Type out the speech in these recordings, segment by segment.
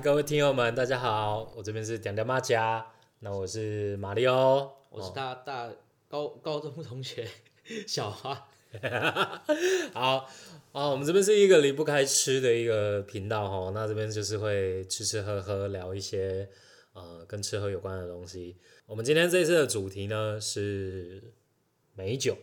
各位聽友們，大家好，我這邊是惦惦嘛聽，acha, 那我是馬里奧，我是他大、哦、大高高中同學小花， 好啊、哦，我們這邊是一個離不開吃的一個頻道哈、哦，那這邊就是會吃吃喝喝聊一些呃跟吃喝有關的東西。我們今天這一次的主題呢是梅酒，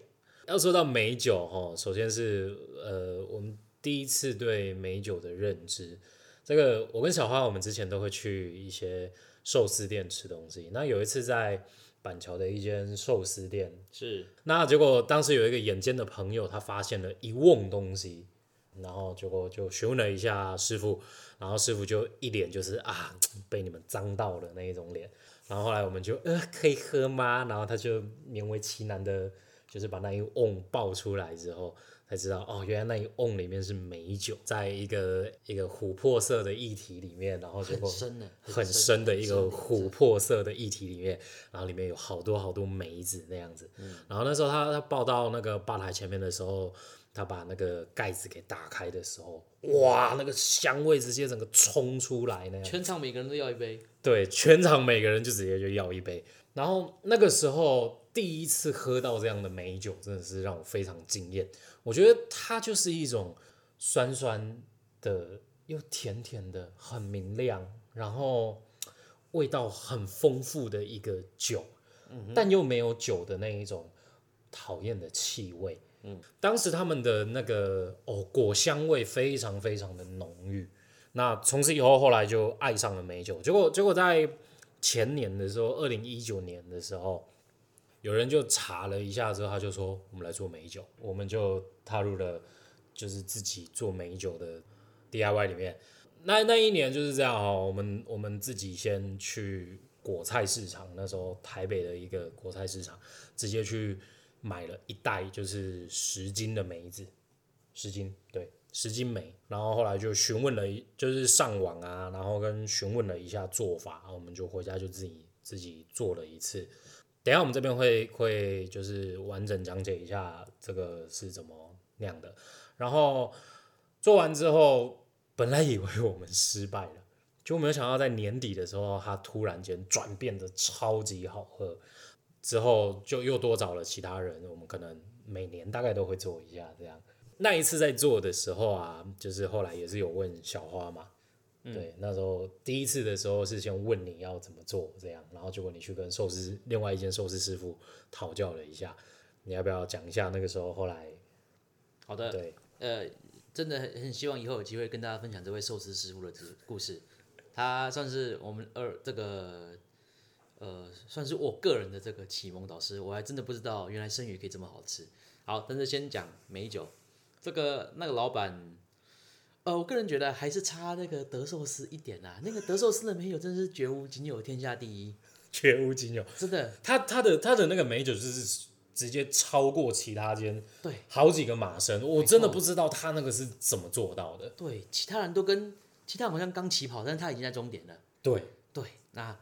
要說到梅酒哈，首先是呃我們第一次對梅酒的認知。這個我跟小花，我們之前都會去一些壽司店吃東西。那有一次在板橋的一間壽司店，是那結果當時有一個眼尖的朋友，他發現了一瓮東西，然後結果就詢問了一下師傅，然後師傅就一臉就是啊，被你們髒到了那一種臉。然後後來我們就呃可以喝嗎？然後他就勉為其難的，就是把那一瓮爆出來之後。才知道哦，原來那一甕裡面是梅酒，在一個一個琥珀色的液體裡面，然後最後很深的很深的一個琥珀色的液體裡面，然後裡面有好多好多梅子那樣子。嗯、然後那時候他他抱到那個吧台前面的時候，他把那個蓋子給打開的時候，哇，那個香味直接整個衝出來那樣。全場每個人都要一杯。對，全場每個人就直接就要一杯。然後那個時候第一次喝到這樣的梅酒，真的是讓我非常驚艷。我覺得它就是一種酸酸的又甜甜的，很明亮，然後味道很豐富的一個酒，嗯哼。但又沒有酒的那一種討厭的氣味，嗯。當時他們的那個哦果香味非常非常的濃郁，那從此以後後來就愛上了梅酒，結果結果在前年的時候，二零一九年的時候。有人就查了一下之後，他就說：“我們來做梅酒。”我們就踏入了，就是自己做梅酒的 DIY 裡面。那那一年就是這樣哦，我們我們自己先去果菜市場，那時候台北的一個果菜市場，直接去買了一袋就是十斤的梅子，十斤，對，十斤梅。然後後來就詢問了，就是上網啊，然後跟詢問了一下做法，我們就回家就自己自己做了一次。等一下我們這邊會會就是完整講解一下這個是怎麼釀的，然後做完之後，本來以為我們失敗了，就沒有想到在年底的時候，它突然間轉變得超級好喝，之後就又多找了其他人，我們可能每年大概都會做一下這樣。那一次在做的時候啊，就是後來也是有問小花嘛。嗯、對，那時候第一次的時候是先問你要怎麼做，這樣，然後結果你去跟壽司另外一間壽司師傅討教了一下，你要不要講一下那個時候後來？好的，對，呃，真的很很希望以後有機會跟大家分享這位壽司師傅的故故事，他算是我們二、呃、這個，呃，算是我個人的這個啟蒙導師，我還真的不知道原來生魚可以這麼好吃。好，但是先講梅酒，這個那個老闆。呃，我個人覺得還是差那個德壽司一點啦、啊。那個德壽司的美酒真是絕無僅有，天下第一，絕無僅有，真的。他他的他的那個美酒就是直接超過其他間，對，好幾個馬身，我真的不知道他那個是怎麼做到的。對，其他人都跟其他人好像剛起跑，但是他已經在終點了。對對，那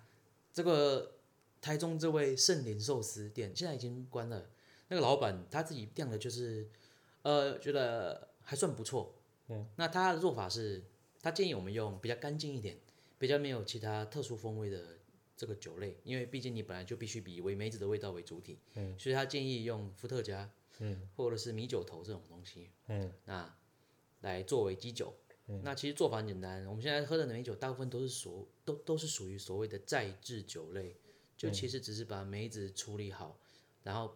這個台中這位聖林壽司店現在已經關了，那個老闆他自己釀的就是，呃，覺得還算不錯。Yeah. 那他的做法是，他建議我們用比較乾淨一點、比較沒有其他特殊風味的這個酒類，因為畢竟你本來就必須以梅子的味道為主體，嗯，所以他建議用伏特加，嗯，或者是米酒頭這種東西，嗯，那來作為基酒。嗯，那其實做法很簡單，我們現在喝的梅酒大部分都是所都都是屬於所謂的再制酒類，就其實只是把梅子處理好，嗯，然後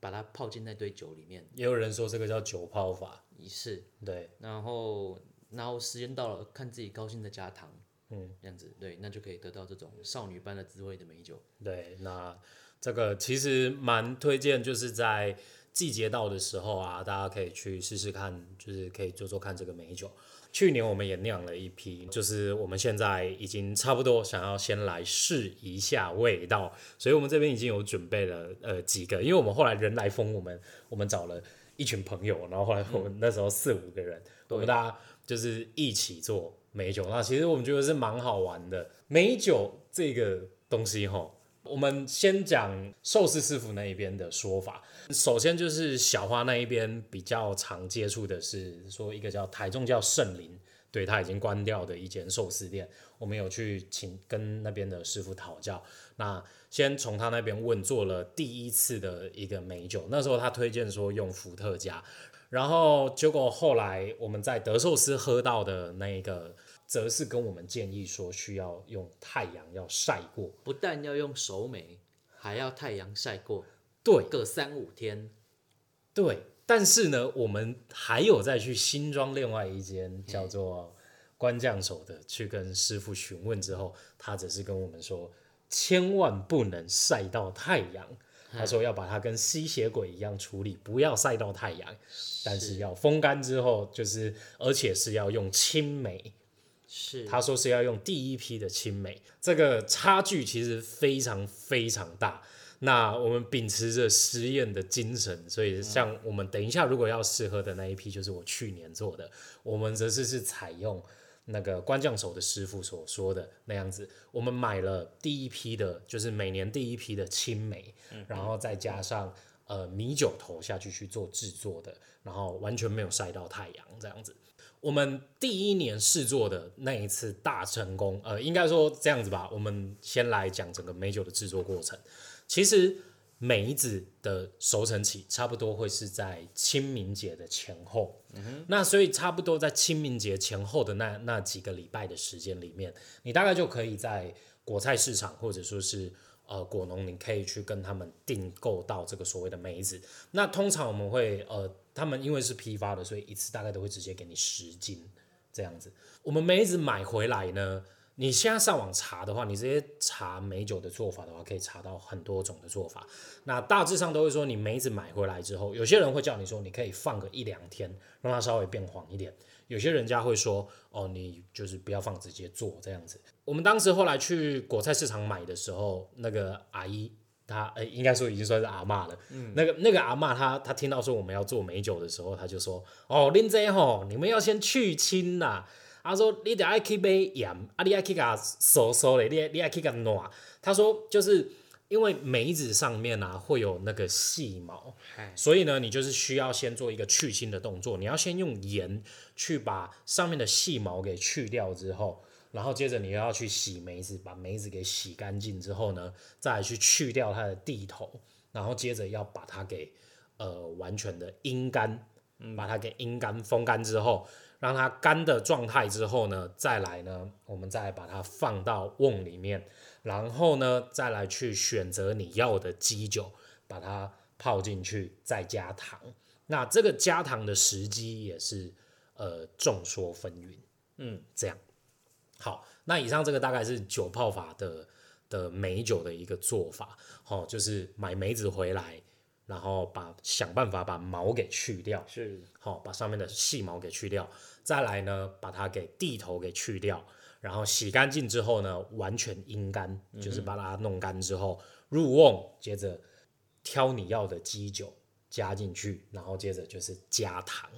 把它泡進那堆酒裡面。也有人說這個叫酒泡法。儀式是對然，然後然後時間到了，看自己高興的加糖，嗯，這樣子、嗯、對，那就可以得到這種少女般的滋味的梅酒。對，那這個其實蠻推薦，就是在季節到的時候啊，大家可以去試試看，就是可以做做看這個梅酒。去年我們也釀了一批，就是我們現在已經差不多想要先來試一下味道，所以我們這邊已經有準備了呃幾個，因為我們後來人來瘋，我們我們找了。一群朋友，然後後來我們那時候四五個人，嗯、我跟大家就是一起做梅酒。那其實我們覺得是蠻好玩的。梅酒這個東西，齁，我們先講壽司師傅那一邊的說法。首先就是小花那一邊比較常接觸的是說一個叫台中叫聖林，對他已經關掉的一間壽司店，我們有去請跟那邊的師傅討教。那先從他那邊問，做了第一次的一個梅酒，那時候他推薦說用伏特加，然後結果後來我們在德壽司喝到的那一個，則是跟我們建議說需要用太陽要曬過，不但要用熟梅，還要太陽曬過，對，個三五天。對，但是呢，我們還有再去新莊另外一間、嗯、叫做關將手的去跟師傅詢問之後，他則是跟我們說。千萬不能曬到太陽，他說要把它跟吸血鬼一樣處理，不要曬到太陽，但是要風乾之後，就是而且是要用青梅，是他說是要用第一批的青梅，這個差距其實非常非常大。那我們秉持着實驗的精神，所以像我們等一下如果要試喝的那一批，就是我去年做的，我們則是是採用。那個官匠手的師傅所說的那樣子，我們買了第一批的，就是每年第一批的青梅，然後再加上呃米酒頭下去去做制作的，然後完全沒有曬到太陽這樣子。我們第一年試做的那一次大成功，呃，應該說這樣子吧。我們先來講整個梅酒的制作過程，其實。梅子的熟成期差不多會是在清明節的前後，嗯哼。那所以差不多在清明節前後的那那幾個禮拜的時間裡面，你大概就可以在果菜市場或者說是呃果農，你可以去跟他們訂購到這個所謂的梅子。那通常我們會呃，他們因為是批發的，所以一次大概都會直接給你十斤這樣子。我們梅子買回來呢？你現在上網查的話，你直接查梅酒的做法的話，可以查到很多種的做法。那大致上都會說，你梅子買回來之後，有些人會叫你說，你可以放個一兩天，讓它稍微變黃一點。有些人家會說，哦，你就是不要放，直接做這樣子。我們當時後來去果菜市場買的時候，那個阿姨，她呃、欸，應該說已經算是阿嬤了、嗯那個。那個那個阿嬤，她她聽到說我們要做梅酒的時候，她就說，哦，林澤吼，你們要先去青啦、啊。他說：“你得愛起杯鹽，啊，你愛起個燒燒嘞，你你愛起個暖。”他說：“就是因為梅子上面啊會有那個細毛，嘿所以呢，你就是需要先做一個去青的動作。你要先用鹽去把上面的細毛給去掉之後，然後接着你要去洗梅子，把梅子給洗乾淨之後呢，再去去掉它的蒂頭，然後接着要把它給呃完全的陰乾，嗯，嗯把它給陰乾、風乾之後。”讓它乾的狀態之後呢，再來呢，我們再把它放到甕裡面，然後呢，再來去選擇你要的基酒，把它泡進去，再加糖。那這個加糖的時機也是呃眾說紛紜，嗯，這樣。好，那以上這個大概是酒泡法的的梅酒的一個做法，哦，就是買梅子回來。然後把想辦法，把毛給去掉，是好把上面的細毛給去掉，再來呢，把它給蒂頭給去掉，然後洗乾淨之後呢，完全陰乾，嗯、哼就是把它弄乾之後入甕，接着挑你要的基酒加進去，然後接着就是加糖。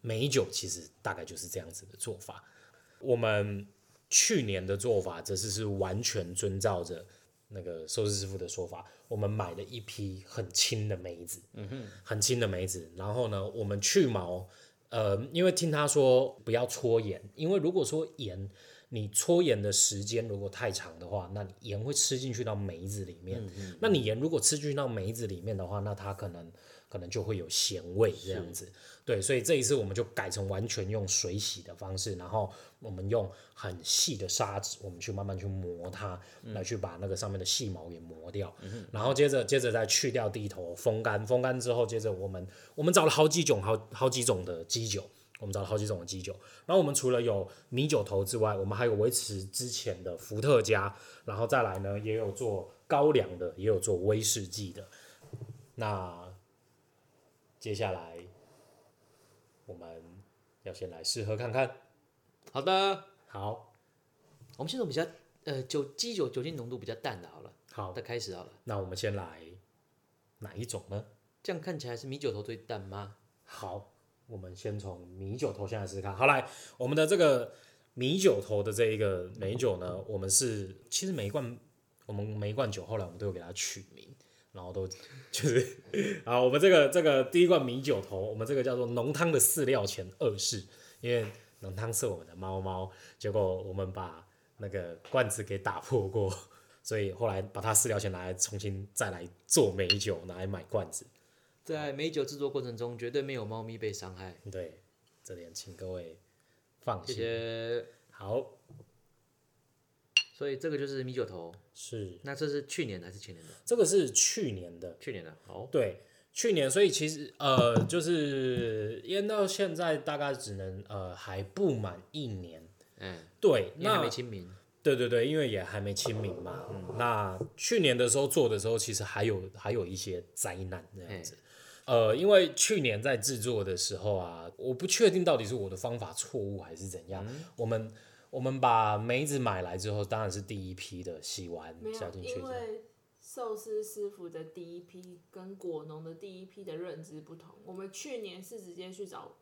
梅酒其實大概就是這樣子的做法。我們去年的做法則是是完全遵照着那個壽司師傅的說法。我們買了一批很青的梅子，嗯哼，很青的梅子。然後呢，我們去毛，呃，因為聽他說不要搓鹽，因為如果說鹽你搓鹽的時間如果太長的話，那鹽會吃進去到梅子裡面。嗯嗯嗯，那你鹽如果吃進去到梅子裡面的話，那它可能。可能就會有鹹味這樣子，是對，所以這一次我們就改成完全用水洗的方式，然後我們用很細的沙子，我們去慢慢去磨它，來去把那個上面的細毛給磨掉。嗯、哼然後接着接着再去掉蒂頭，風乾，風乾之後，接着我們我們找了好幾種好好幾種的基酒，我們找了好幾種的基酒。然後我們除了有米酒頭之外，我們還有維持之前的伏特加，然後再來呢，也有做高粱的，也有做威士忌的。那接下來我們要先來試喝看看。好的，好，我們先從比較呃酒基酒酒精濃度比較淡的好了。好，的開始好了。那我們先來哪一種呢？這樣看起來是米酒頭最淡嗎？好，我們先從米酒頭先來試試看。好來，我們的這個米酒頭的這一個梅酒呢，我們是其實每一罐我們每一罐酒後來我們都有給它取名。然後都就是啊，我們這個這個第一罐米酒頭，我們這個叫做濃湯的飼料錢二世，因為濃湯是我們的貓貓，結果我們把那個罐子給打破過，所以後來把它飼料錢拿來重新再來做梅酒，拿來買罐子。在梅酒製作過程中，絕對沒有貓咪被傷害。對，這點請各位放心。謝謝。好。所以這個就是米酒頭，是。那這是去年還是前年的？這個是去年的，去年的。好。對，去年。所以其實呃，就是醃到現在大概只能呃還不滿一年。嗯。對，那還沒清明。對對對，因為也還沒清明嘛。嗯，那去年的時候做的時候，其實還有還有一些災難這樣子。呃，因為去年在製作的時候啊，我不確定到底是我的方法錯誤還是怎樣。我們。我們把梅子買來之後，當然是第一批的洗完加進去。沒有，因為壽司師傅的第一批跟果農的第一批的認知不同。我們去年是直接去找，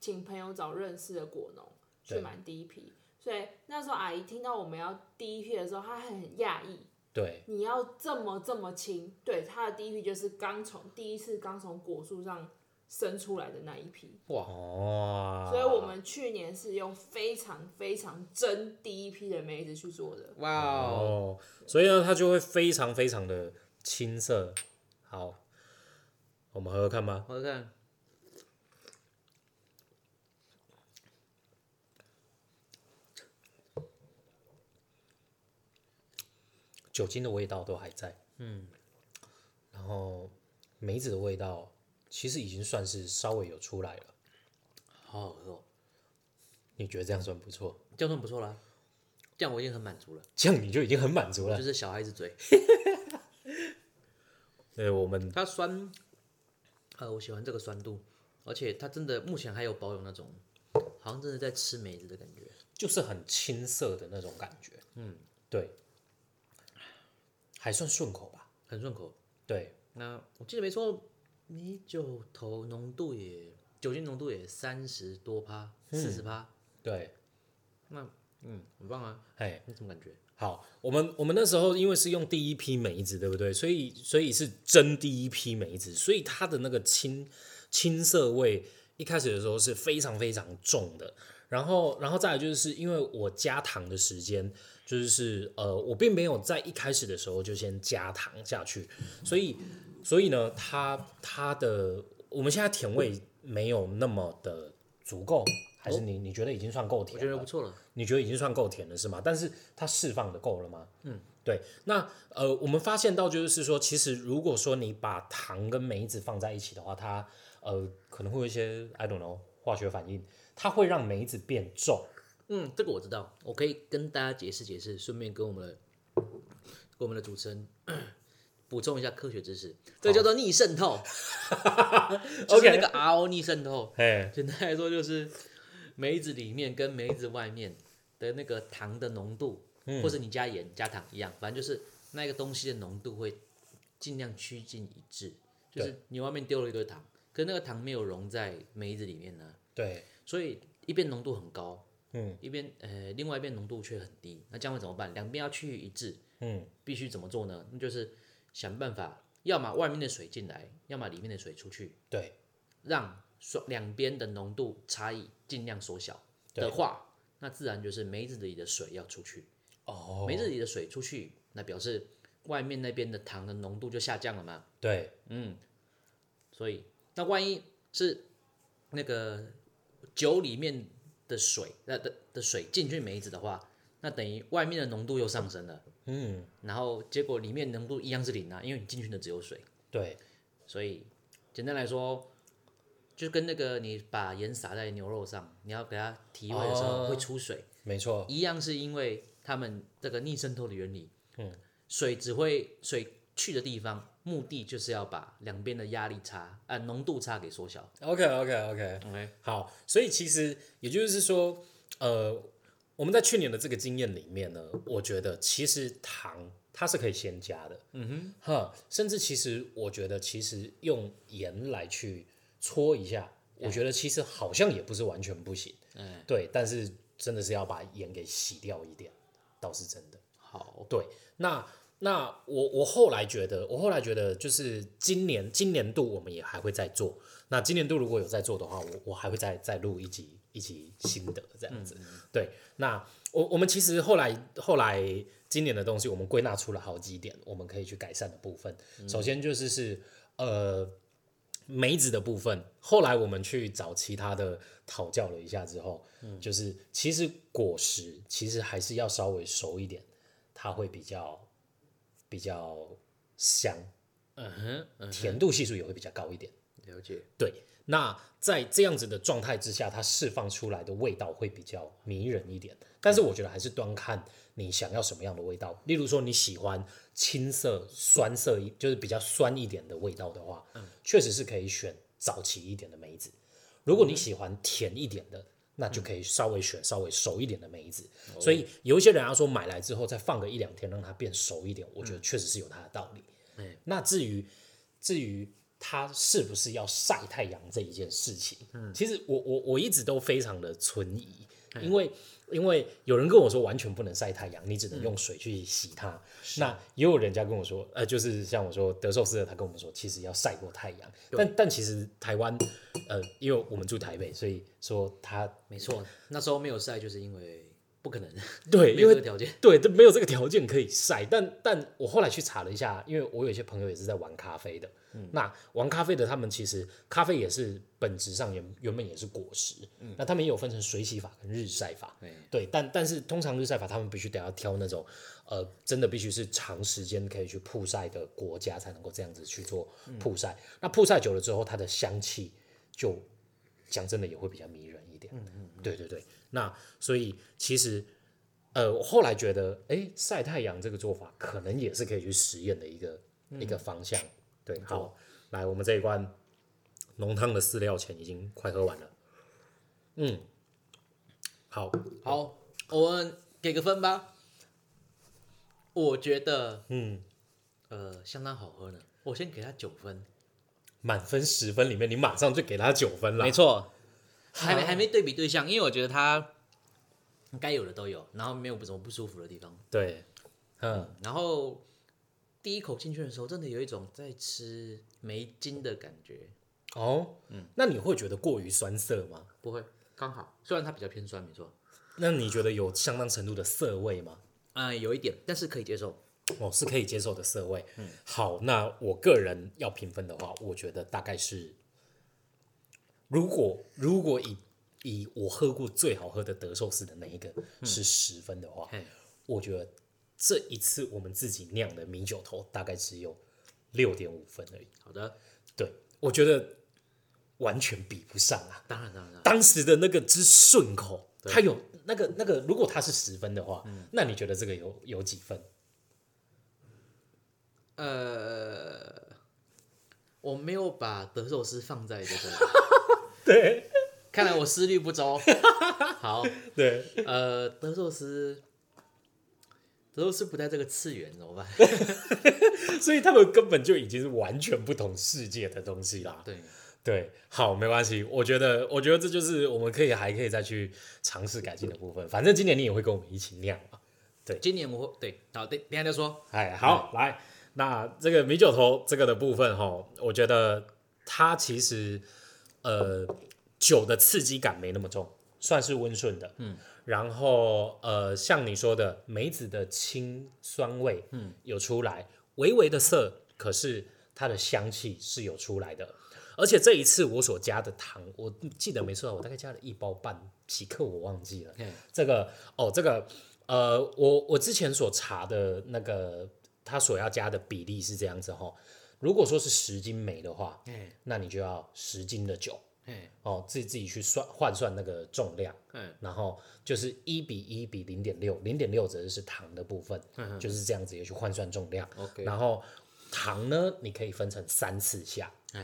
請朋友找認識的果農去買第一批，對所以那時候阿姨聽到我們要第一批的時候，她很訝異。對。你要這麼這麼青？對，她的第一批就是剛從第一次剛從果樹上。生出來的那一批哇，Wow 所以我們去年是用非常非常真第一批的梅子去做的哇哦，Wow 對 所以呢它就會非常非常的青澀。好，我們喝喝看吧，喝喝看，酒精的味道都還在，嗯，然後梅子的味道。其實已經算是稍微有出來了，好好喝喔。你覺得這樣算不錯？這樣算不錯啦，這樣我已經很滿足了。這樣你就已經很滿足了，就是小孩子嘴。對、 欸，我們它酸，呃，我喜歡這個酸度，而且它真的目前還有保有那種，好像真的在吃梅子的感覺，就是很青澀的那種感覺。嗯，對，還算順口吧，很順口。對，那我記得沒錯。米酒頭濃度也酒精濃度也三十多趴，四十趴，對。那嗯，很棒啊！哎嘿，那種感覺。好，我們我們那時候因為是用第一批梅子，對不對？所以所以是真第一批梅子，所以它的那個青青澀味一開始的時候是非常非常重的。然後然後再來就是因為我加糖的時間就是呃，我並沒有在一開始的時候就先加糖下去，所以。 所以呢，它它的我們現在甜味沒有那麼的足夠，還是你你覺得已經算夠甜了？我覺得不錯了，你覺得已經算夠甜了是嗎？但是它釋放的夠了嗎？嗯，對。那呃，我們發現到就是說，其實如果說你把糖跟梅子放在一起的話，它呃可能會有一些 I don't know 化學反應，它會讓梅子變重。嗯，這個我知道，我可以跟大家解釋解釋，順便跟我們的跟我們的主持人。補充一下科學知識，這叫做逆滲透、oh. ，OK，那個 R O 逆滲透。哎，Hey. 簡單來說就是梅子裡面跟梅子外面的那個糖的濃度，嗯，或者你加鹽加糖一樣，反正就是那個東西的濃度會儘量趨近一致。對就是你外面丟了一堆糖，可那個糖沒有融在梅子裡面呢。對，所以一邊濃度很高，嗯，一邊呃另外一邊濃度卻很低，那這樣會怎麼辦？兩邊要趨於一致，嗯，必須怎麼做呢？那就是。想辦法，要麼外面的水進來，要麼裡面的水出去。對，讓兩邊的濃度差異儘量縮小的話，對那自然就是梅子裡的水要出去。哦、oh，梅子裡的水出去，那表示外面那邊的糖的濃度就下降了嘛。對，嗯，所以那萬一是那個酒裡面的水，那、呃、的的水進去梅子的話。那等於外面的濃度又上升了，嗯，然後結果裡面濃度一樣是零啊，因為你進去的只有水，對，所以簡單來說，就跟那個你把鹽撒在牛肉上，你要給它提味的時候會出水，哦，沒錯，一樣是因為他們這個逆滲透的原理，嗯，水只會水去的地方，目的就是要把兩邊的壓力差啊，呃，濃度差給縮小。OK OK OK OK，好，所以其實也就是說，呃。我們在去年的這個經驗裡面呢，我覺得其實糖它是可以先加的，嗯哼、mm，哈、hmm.，甚至其實我覺得其實用鹽來去搓一下，Yeah. 我覺得其實好像也不是完全不行，嗯，Yeah. 對，但是真的是要把鹽給洗掉一點，倒是真的，好、mm，hmm. 對，那那我我後來覺得，我後來覺得就是今年今年度我們也還會再做，那今年度如果有在做的話，我我還會再再錄一集，一起心得這樣子，嗯嗯、對。那我我們其實後來後來今年的東西，我們歸納出了好幾點我們可以去改善的部分。嗯、首先就是是呃梅子的部分，後來我們去找其他的討教了一下之後，嗯、就是其實果實其實還是要稍微熟一點，它會比較比較香，嗯哼，嗯嗯甜度係數也會比較高一點。了解，對。那在這樣子的狀態之下，它釋放出來的味道會比較迷人一點。但是我覺得還是端看你想要什麼樣的味道。嗯、例如說你喜歡青色、酸色，就是比較酸一點的味道的話，嗯、確實是可以選早期一點的梅子。如果你喜歡甜一點的，嗯、那就可以稍微選稍微熟一點的梅子。嗯、所以有一些人要說買來之後再放個一兩天，讓它變熟一點，我覺得確實是有它的道理。嗯、那至於至於。他是不是要曬太陽這一件事情？嗯，其實我我我一直都非常的存疑，嗯，因為因為有人跟我說完全不能曬太陽，你只能用水去洗它。嗯，那也有人家跟我說，呃，就是像我說德壽司的，他跟我們說其實要曬過太陽，嗯，但但其實台灣，呃，因為我們住台北，所以說他沒錯，那時候沒有曬就是因為不可能，對，因為條件對，沒有這個條件可以曬。但但我後來去查了一下，因為我有一些朋友也是在玩咖啡的。嗯、那玩咖啡的，他們其實咖啡也是本質上原原本也是果實。嗯、那他們也有分成水洗法跟日曬法。嗯、對，但但是通常日曬法，他們必須得要挑那種呃，真的必須是長時間可以去曝曬的國家，才能夠這樣子去做曝曬。嗯、那曝曬久了之後，它的香氣就講真的也會比較迷人一點。嗯，嗯嗯，對對對。那所以其實呃，我後來覺得，誒、欸、曬太陽這個做法可能也是可以去實驗的一個、嗯、一個方向。對，好，好來，我們這一關濃湯的飼料錢已經快喝完了。嗯，好好，我們給個分吧。我覺得，嗯，呃，相當好喝呢。我先給他九分，滿分十分裡面，你馬上就給他九分了。沒錯錯，還沒還沒對比對象，因為我覺得他該有的都有，然後沒有不怎麼不舒服的地方。對，嗯，呵然後。第一口進去的時候，真的有一種在吃梅精的感覺。哦，嗯，那你會覺得過於酸澀嗎？不會，剛好。雖然它比較偏酸，沒錯。那你覺得有相當程度的澀味嗎？嗯、呃，有一點，但是可以接受。哦，是可以接受的澀味。嗯，好，那我個人要評分的話，我覺得大概是，如果如果以以我喝過最好喝的的壽司的那一個是十分的話，嗯、我覺得。這一次我們自己釀的米酒頭大概只有六點五分而已。好的，對，我覺得完全比不上啊。當然，當然，當然。當時的那個之順口，他對有那個那個，如果他是十分的話，嗯，那你覺得這個有有幾分？呃，我沒有把德壽司放在這個。 對，看來我思慮不周。 好，對，呃，德壽司。都是不在這個次元怎麼辦？ 所以他們根本就已經是完全不同世界的東西啦。對對，好，沒關係。我覺得，我覺得這就是我們可以還可以再去嘗試改進的部分。嗯、反正今年你也會跟我們一起釀、啊、對，今年我會對。好，對，別人再說、哎，好，嗯、來。那這個米酒頭這個的部分哈，我覺得它其實呃酒的刺激感沒那麼重，算是溫順的。嗯。然後，呃，像你說的，梅子的青酸味，嗯，有出來，嗯、微微的澀，可是它的香氣是有出來的。而且這一次我所加的糖，我記得沒錯，我大概加了一包半幾克，即刻我忘記了。嗯、這個，哦，這個，呃，我我之前所查的那個，它所要加的比例是這樣子哈、哦。如果說是十斤梅的話，嗯，那你就要十斤的酒。哦，自己自己去算換算那個重量，嗯嘿，然後就是一比一比零點六，零點六則就是糖的部分，嘿嘿就是這樣子也去換算重量。OK，嘿然後糖呢，你可以分成三次下，嘿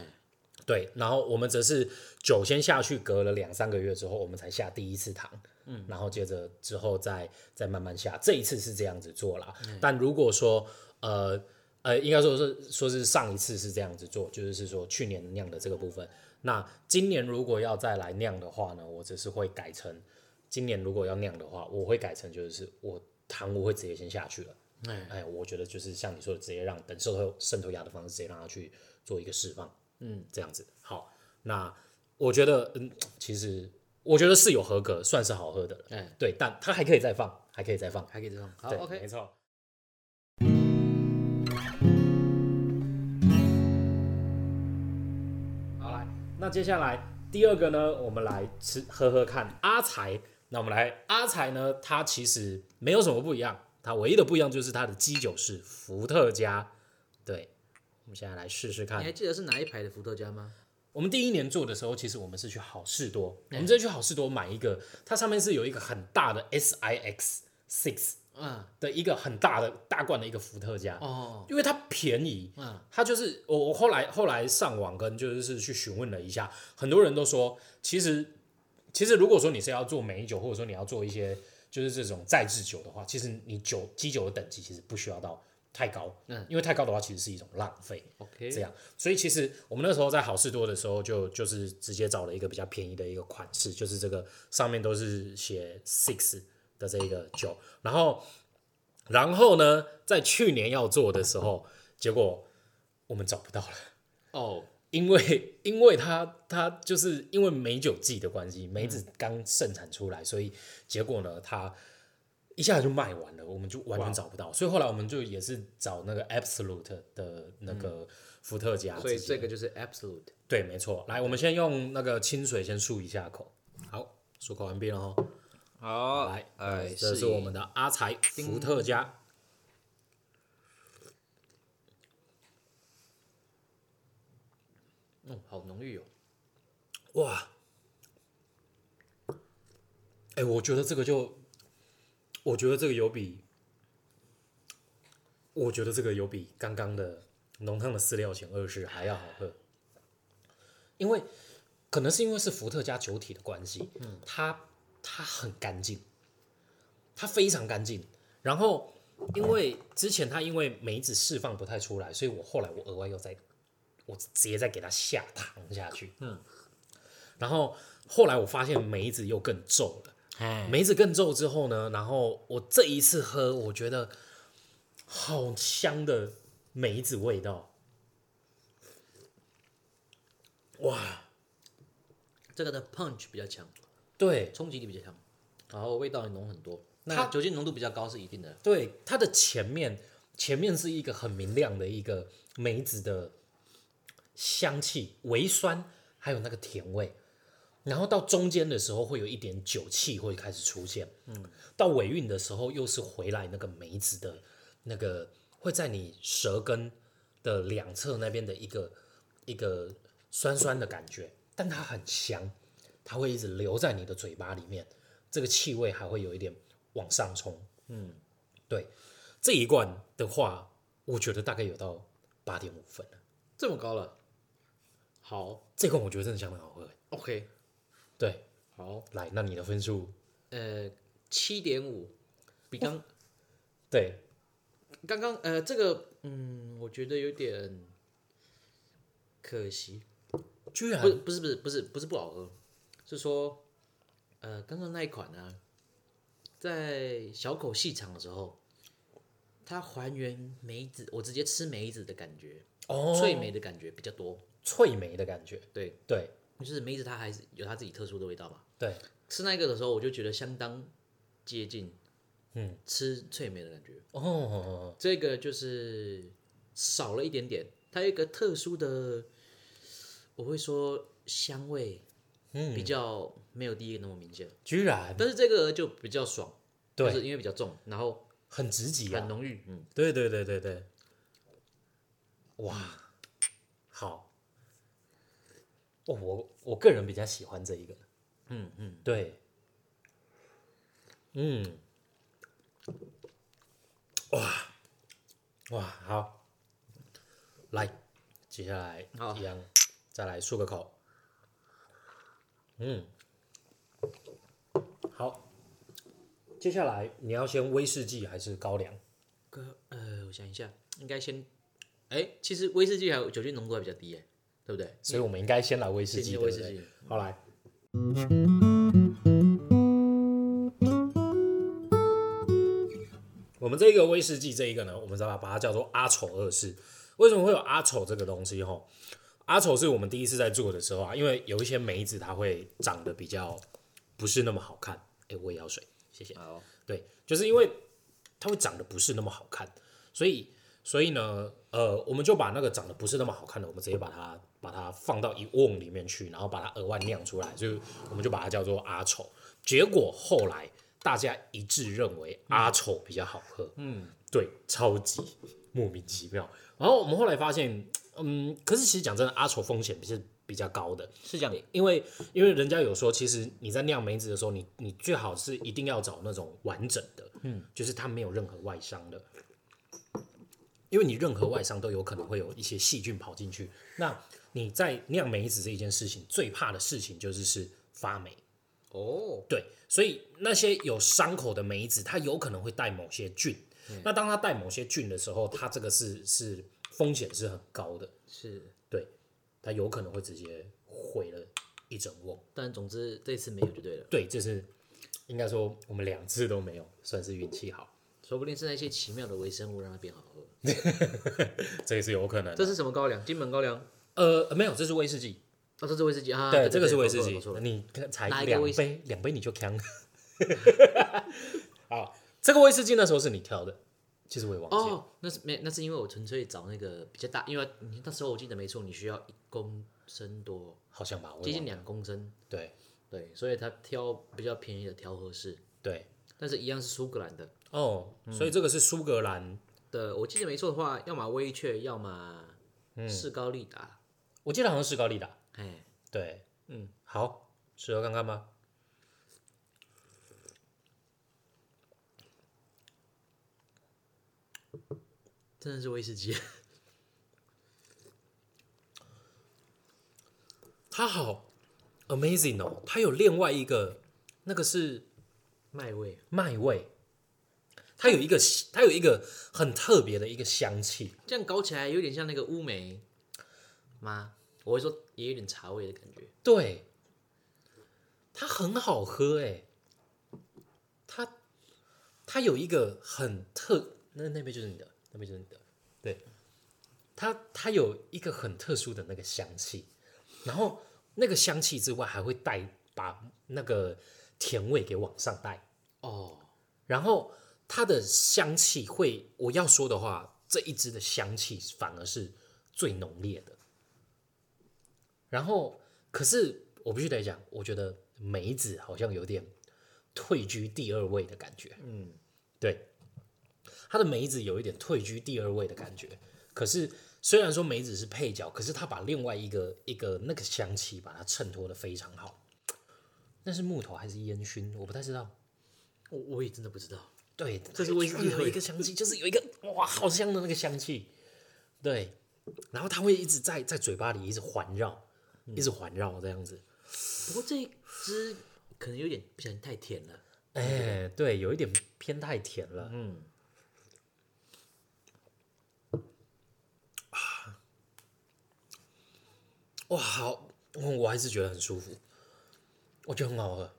對，然後我們則是酒先下去，隔了兩三個月之後，我們才下第一次糖，嗯，然後接着之後再再慢慢下，這一次是這樣子做了。嘿但如果說呃呃，應該說是說是上一次是這樣子做，就是是說去年釀的這個部分。嗯那今年如果要再來釀的話呢？我只是會改成，今年如果要釀的話，我會改成就是我糖我會直接先下去了。哎，哎，我覺得就是像你說的，直接讓等滲透滲透壓的方式，直接讓它去做一個釋放。嗯，這樣子。好，那我覺得，嗯，其實我覺得是有合格，算是好喝的了。哎，對，但它還可以再放，還可以再放，還可以再放。對，OK，沒錯。那接下來第二個呢，我們來吃喝喝看阿財。那我們來阿財呢，它其實沒有什麼不一樣，它唯一的不一樣就是它的基酒是伏特加。對，我們現在來試試看，你還記得是哪一排的伏特加嗎？我們第一年做的時候，其實我們是去好市多，我們直接去好市多買一個，它上面是有一個很大的 SIX SIX。嗯，的一個很大的大罐的一個伏特加哦，因為它便宜，啊、嗯，它就是我我後來後來上網跟就是是去詢問了一下，很多人都說，其實其實如果說你是要做梅酒，或者說你要做一些就是這種再制酒的話，其實你酒基酒的等級其實不需要到太高，嗯，因為太高的話其實是一種浪費，OK，這樣，所以其實我們那時候在好市多的時候就就是直接找了一個比較便宜的一個款式，就是這個上面都是寫 Six。這一個酒，然後，然後呢，在去年要做的時候，結果我們找不到了哦、oh.，因為因為他他就是因為梅酒季的關係，梅子剛盛產出來，嗯、所以結果呢，它一下就賣完了，我們就完全找不到，Wow. 所以後來我們就也是找那個 Absolut 的那個伏特加，所以這個就是 Absolut，對，沒錯。來，我們先用那個清水先漱一下口，對好，漱口完畢了哦。好，好來，這是我們的阿才伏、哎、特加。嗯，好濃郁哦，哇！哎、欸，我覺得這個就，我覺得這個有比，我覺得這個有比剛剛的濃湯的飼料前二十還要好喝，哎、呀因為可能是因為是伏特加酒體的關係，嗯、它。它很乾淨，它非常乾淨。然後，因為之前它因為梅子釋放不太出來，所以我後來我額外又再，我直接再給它下糖下去。嗯。然後後來我發現梅子又更皺了，梅子更皺之後呢，然後我這一次喝，我覺得好香的梅子味道，哇！這個的 punch 比較強。對，衝擊力比較強，然後味道濃很多，它酒精濃度比較高是一定的。對，它的前面，前面是一個很明亮的一個梅子的香氣，微酸，還有那個甜味，然後到中間的時候會有一點酒氣會開始出現，嗯，到尾韻的時候又是回來那個梅子的那個會在你舌根的兩側那邊的一個一個酸酸的感覺，但它很香。它會一直留在你的嘴巴裡面，這個氣味還會有一點往上衝。嗯，對，這一罐的話，我覺得大概有到八點五分了，這麼高了。好，這個我覺得真的相當好喝。OK，對，好，來，那你的分數？呃，七點五，比剛、哦、對，剛剛呃，這個嗯，我覺得有點可惜，居然不，不是，不是，不是，不是不好喝。就是說，呃，剛剛那一款呢，啊，在小口細嘗的時候，它還原梅子，我直接吃梅子的感覺，哦，oh, 脆梅的感覺比較多，脆梅的感覺，對對，對，就是梅子它還是有它自己特殊的味道嘛，對，吃那個的時候我就覺得相當接近，嗯，吃脆梅的感覺，哦，嗯，oh. 這個就是少了一點點，它有一個特殊的，我會說香味。比較沒有第一個那麼明顯，居然，但是這個就比較爽，就對是因為比較重，然後很直接、啊，很濃郁，嗯，對對對對對，哇，好，哦，我我個人比較喜歡這一個，嗯嗯，嗯對，嗯，哇，哇，好，來，接下來一樣，好再來漱個口。嗯，好，接下來你要先威士忌還是高粱？哥，呃，我想一下，應該先，哎、欸，其實威士忌還有酒精濃度還比較低、欸，對不對？所以我們應該先來威士忌。威士忌。好，來，嗯、我們這個威士忌這一個呢，我們知道把它叫做阿醜二世。為什麼會有阿醜這個東西？哈？阿醜是我們第一次在做的時候啊，因為有一些梅子它會長得比較不是那麼好看，哎，我也要水，謝謝。哦，對，就是因為它會長得不是那麼好看，所以所以呢，呃，我們就把那個長得不是那麼好看的，我們直接把它把它放到一甕裡面去，然後把它額外釀出來，就我們就把它叫做阿丑。結果後來大家一致認為阿醜比較好喝，嗯，對，超級莫名其妙。然後我們後來發現。嗯，可是其實講真的，阿醜風險比是比較高的，是這樣的，因為因為人家有說，其實你在釀梅子的時候，你你最好是一定要找那種完整的，嗯，就是它沒有任何外傷的，因為你任何外傷都有可能會有一些細菌跑進去。那你在釀梅子這一件事情，最怕的事情就是是發霉，哦，對，所以那些有傷口的梅子，它有可能會帶某些菌，嗯，那當它帶某些菌的時候，它這個是是。風險是很高的，是對，它有可能會直接毀了一整甕。但總之這次沒有就對了。對，這次應該說我們兩次都沒有，算是運氣好。說不定是那些奇妙的微生物讓它變好喝， 這也是有可能。這是什麼高粱？金門高粱？呃，沒有，這是威士忌。啊、哦，這是威士忌啊。對，對，對，這個是威士忌。你才兩杯，兩杯你就扛。 好，這個威士忌那時候是你挑的。其實我也忘記了。哦，那是沒，那是因為我純粹找那個比較大，因為那時候我記得沒錯，你需要一公升多，好像吧，接近兩公升。對，對，所以他挑比較便宜的，調和式對，但是一樣是蘇格蘭的哦，所以這個是蘇格蘭的、嗯。我記得沒錯的話，要麼威雀，要麼士高利達、嗯。我記得好像士高利達。哎嘿，對，嗯，好，試喝看看吧。真的是威士忌， 它好 amazing 哦！它有另外一個，那個是麥味麥味，它有一個它有一個很特別的一個香氣，這樣搞起來有點像那個烏梅嗎？我會說也有點茶味的感覺。對，它很好喝哎、欸，它它有一個很特，那那邊就是你的。那邊真的，對，它它有一個很特殊的那個香氣，然後那個香氣之外還會帶把那個甜味給往上帶哦，然後它的香氣會，我要說的話，這一支的香氣反而是最濃烈的，然後可是我必須得講，我覺得梅子好像有點退居第二位的感覺，嗯，對。它的梅子有一點退居第二位的感覺，可是雖然說梅子是配角，可是他把另外一個一個那個香氣把它襯托得非常好。那是木頭還是煙燻？我不太知道，我我也真的不知道。對，這是最後一個香氣， 就是有一個哇，好香的那個香氣。對，然後它會一直在在嘴巴裡一直環繞，嗯、一直環繞這樣子。不過這一只可能有點不小心太甜了。哎、嗯欸，對，有一點偏太甜了。嗯。哇，好，我，我還是覺得很舒服，我覺得很好喝，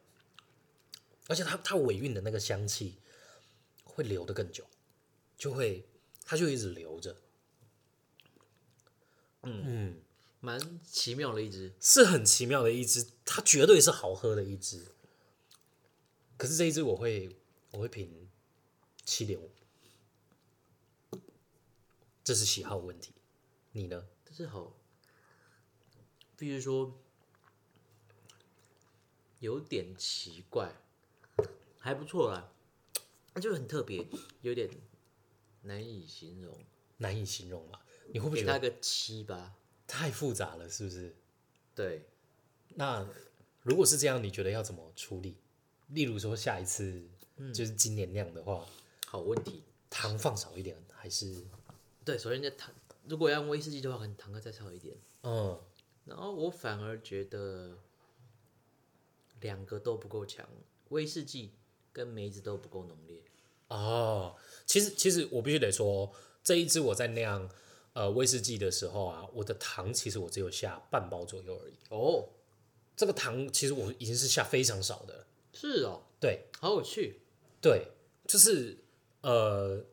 而且它它尾韻的那個香氣會留得更久，就會它就一直留着，嗯嗯，蠻奇妙的一支，是很奇妙的一支，它絕對是好喝的一支。可是這一支我會我會評七點五，這是喜好問題，你呢？這是好。比如說，有點奇怪，還不錯啦，那就是很特別，有點難以形容，難以形容嘛？你會不會覺得給他個七八？太複雜了，是不是？對。那如果是這樣，你覺得要怎麼處理？例如說，下一次、嗯、就是今年釀的話，好問題。糖放少一點，還是？對，首先在糖，這糖如果要用威士忌的話，可能糖再少一點。嗯。然後我反而覺得兩個都不夠強，威士忌跟梅子都不夠濃烈。哦，其實其實我必須得說，這一支我在釀呃威士忌的時候啊，我的糖其實我只有下半包左右而已。哦，這個糖其實我已經是下非常少的。是哦，對，好有趣。對，就是呃，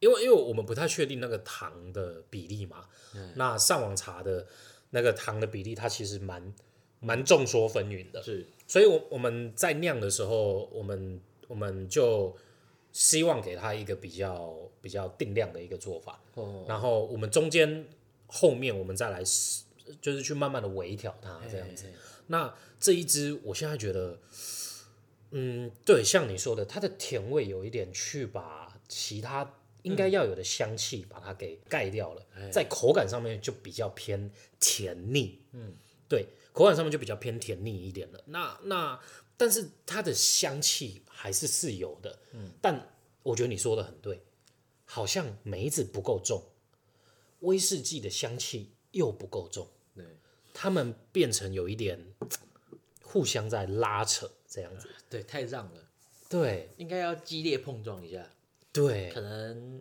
因為因為我們不太確定那個糖的比例嘛，哎、那上網查的。那個糖的比例，它其實蠻蠻眾說紛紜的，是，所以，我我們在釀的時候，我們我們就希望給它一個比較比較定量的一個做法，哦，然後我們中間後面我們再來，就是去慢慢的微調它這樣子。嘿嘿，那這一支，我現在覺得，嗯，對，像你說的，它的甜味有一點去把其他。應該要有的香氣把它給蓋掉了，嗯、在口感上面就比較偏甜膩，嗯、對，口感上面就比較偏甜膩一點了。那那，那但是它的香氣還是是有的，嗯、但我覺得你說的很對，好像梅子不夠重，威士忌的香氣又不夠重，對，它們變成有一點互相在拉扯這樣子，啊、對，太讓了，對，應該要激烈碰撞一下。對，可能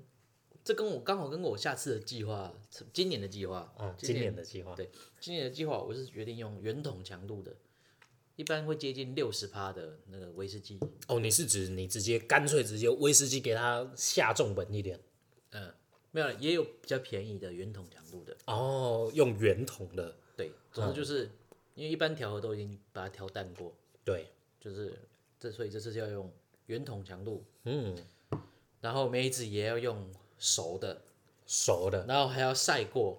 這跟我剛好跟我下次的計劃，今年的計劃，哦、今年的計劃的，對，今年的計劃，我是決定用圓桶強度的，一般會接近六十趴的那個威士忌。哦，你是指你直接乾脆直接威士忌給它下重本一點？嗯，沒有，也有比較便宜的圓桶強度的。哦，用圓桶的，對，總之就是、嗯、因為一般調和都已經把它調淡過，對，就是這所以這次就要用圓桶強度，嗯。然後梅子也要用熟的，熟的，然後還要曬過，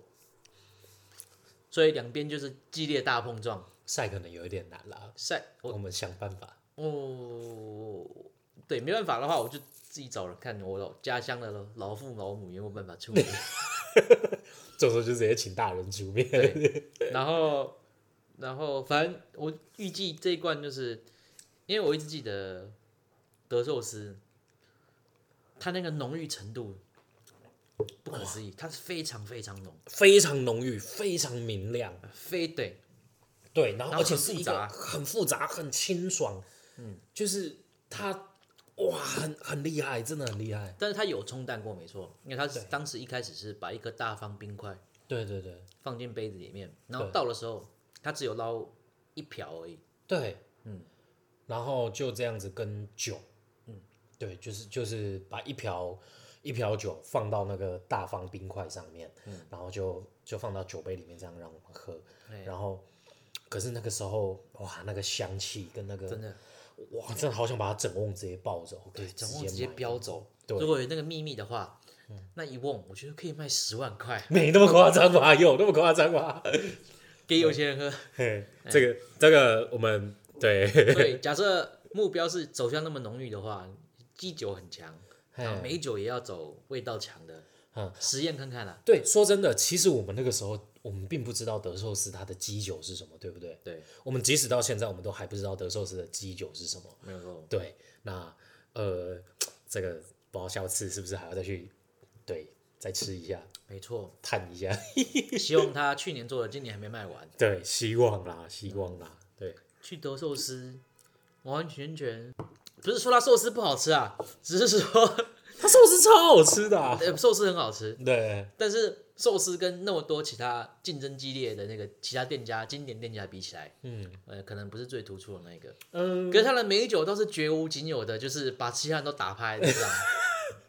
所以兩邊就是激烈大碰撞。曬可能有一點難了，曬我，我們想辦法。哦，對，沒辦法的話，我就自己找人看我家鄉的老父老母有沒有辦法出面。對 這時候就直接請大人出面。對，然後，然後，反正我預計這一罐就是，因為我一直記得德壽司。它那個濃郁程度不可思議，哇它是非常非常濃，非常濃郁，非常明亮，非得對，對，然後，然後複雜而且是一個很複雜、很清爽，嗯，就是它哇，很很厲害，真的很厲害。但是它有沖淡過沒錯，因為它是當時一開始是把一個大方冰塊對，對對對，放進杯子裡面，然後倒的時候，對它只有撈一瓢而已，對，嗯，然後就這樣子跟酒。對，就是就是把一瓢一瓢酒放到那個大方冰塊上面，嗯，然後就就放到酒杯裡面，這樣讓我們喝。然後，可是那個時候，哇，那個香氣跟那個真的，哇，真的好想把它整甕直接抱走，對，整甕直接飆走。如果有那個秘密的話，那一甕我覺得可以賣十萬塊，沒那麼誇張吧？有那麼誇張嗎？給有錢人喝，這個這個我們對對，假設目標是走向那麼濃郁的話。基酒很強，然後梅酒也要走味道強的，嗯，實驗看看啦，啊。對，說真的，其實我們那個時候，我們並不知道德壽司它的基酒是什麼，對不對？對，我們即使到現在，我們都還不知道德壽司的基酒是什麼。沒錯對，那呃，這個不知道下次是不是還要再去，對，再吃一下。沒錯錯。探一下， 希望他去年做的今年還沒賣完。對，希望啦，希望啦。嗯，對。去德壽司，完完全全。不是說他壽司不好吃啊，只是說他壽司超好吃的，啊，壽司很好吃。對，但是壽司跟那麼多其他競爭激烈的那個其他店家，經典店家比起來，嗯，呃，可能不是最突出的那個。嗯，可是他的梅酒都是絕無僅有的，就是把其他人都打趴，嗯，知道嗎？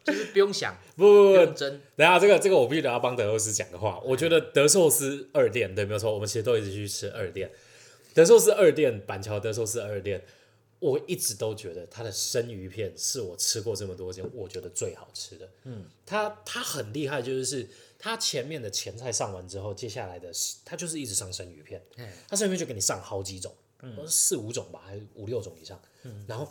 就是不用想，不，不不不，真。等一下這個這個，這個、我必須得要幫德壽司講個話。嗯，我覺得德壽司二店，對，沒有錯，我們其實都一直去吃二店。德壽司二店，板橋德壽司二店。我一直都覺得它的生魚片是我吃過這麼多間我覺得最好吃的。嗯，它它很厲害，就是它前面的前菜上完之後，接下來的它就是一直上生魚片。嗯，它上面就給你上好幾種，四五種吧，還是五六種以上。嗯，然後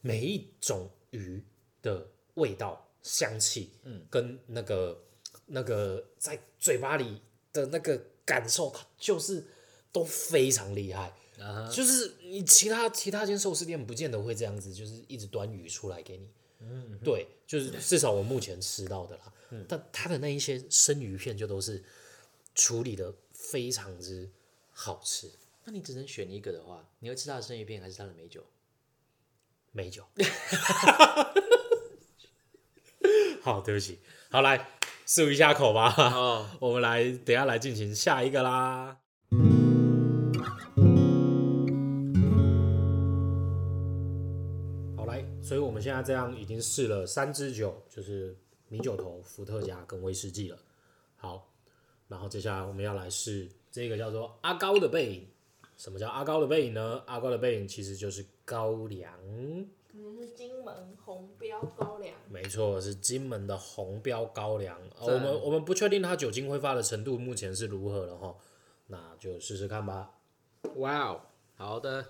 每一種魚的味道、香氣，跟那個，嗯，那個在嘴巴裡的那個感受，它就是都非常厲害。Uh huh. 就是你其他其他間壽司店不見得會這樣子，就是一直端魚出來給你。Uh huh. 對，就是至少我目前吃到的啦。Uh huh. 但他的那一些生魚片就都是處理得非常之好吃。那你只能選一個的話，你會吃他的生魚片還是他的梅酒？梅酒。好，對不起。好，來漱一下口吧。Oh. 我們來，等下來進行下一個啦。所以我們現在這樣已經試了三支酒，就是米酒頭、伏特加跟威士忌了。好，然後接下來我們要來試這個叫做阿高的背影。什麼叫阿高的背影呢？阿高的背影其實就是高粱，嗯，是金門紅標高粱。沒錯，是金門的紅標高粱。對哦，我們我們不確定它酒精揮發的程度目前是如何了吼，那就試試看吧。哇哦，好的。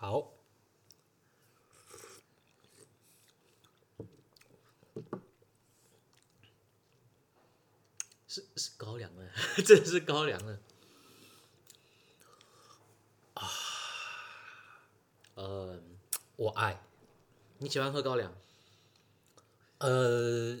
好，是是高粱 真的真是高粱的啊！嗯、呃，我愛，你喜歡喝高粱、呃。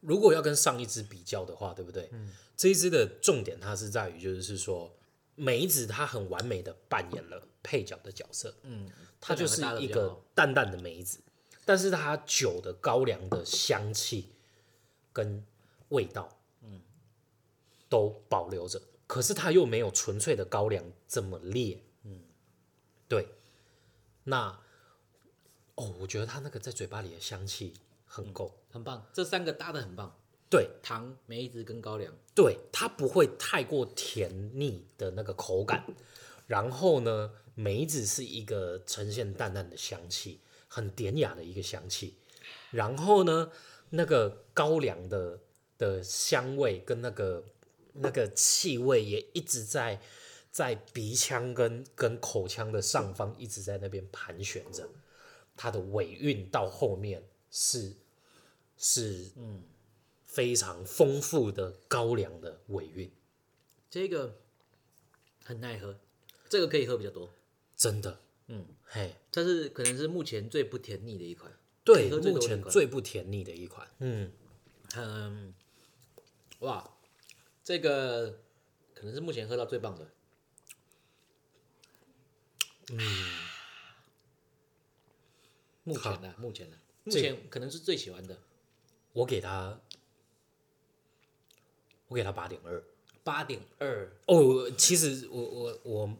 如果要跟上一支比較的話，對不對？嗯、這一支的重點它是在於，就是說梅子它很完美的扮演了。配角的角色，嗯，它就是一個淡淡的梅子，但是它酒的高粱的香氣跟味道，嗯，都保留着，嗯、可是它又沒有純粹的高粱這麼烈，嗯，對，那哦，我覺得它那個在嘴巴裡的香氣很夠，嗯、很棒，這三個搭的很棒，對，糖梅子跟高粱，對，它不會太過甜膩的那個口感。然後呢，梅子是一個呈現淡淡的香氣，很典雅的一個香氣。然後呢，那個高粱的的香味跟那個那個氣味也一直在在鼻腔跟跟口腔的上方一直在那邊盤旋着。它的尾韻到後面是是嗯非常豐富的高粱的尾韻，這個很奈何。這個可以喝比較多，真的，嗯嘿，這是可能是目前最不甜膩的一款，對，目前最不甜膩的一款，嗯嗯，哇，這個可能是目前喝到最棒的，嗯，目前的，哈目前的，這個、目前可能是最喜歡的，我給他，我給他八點二，八點二，哦，oh, 其實我我我。我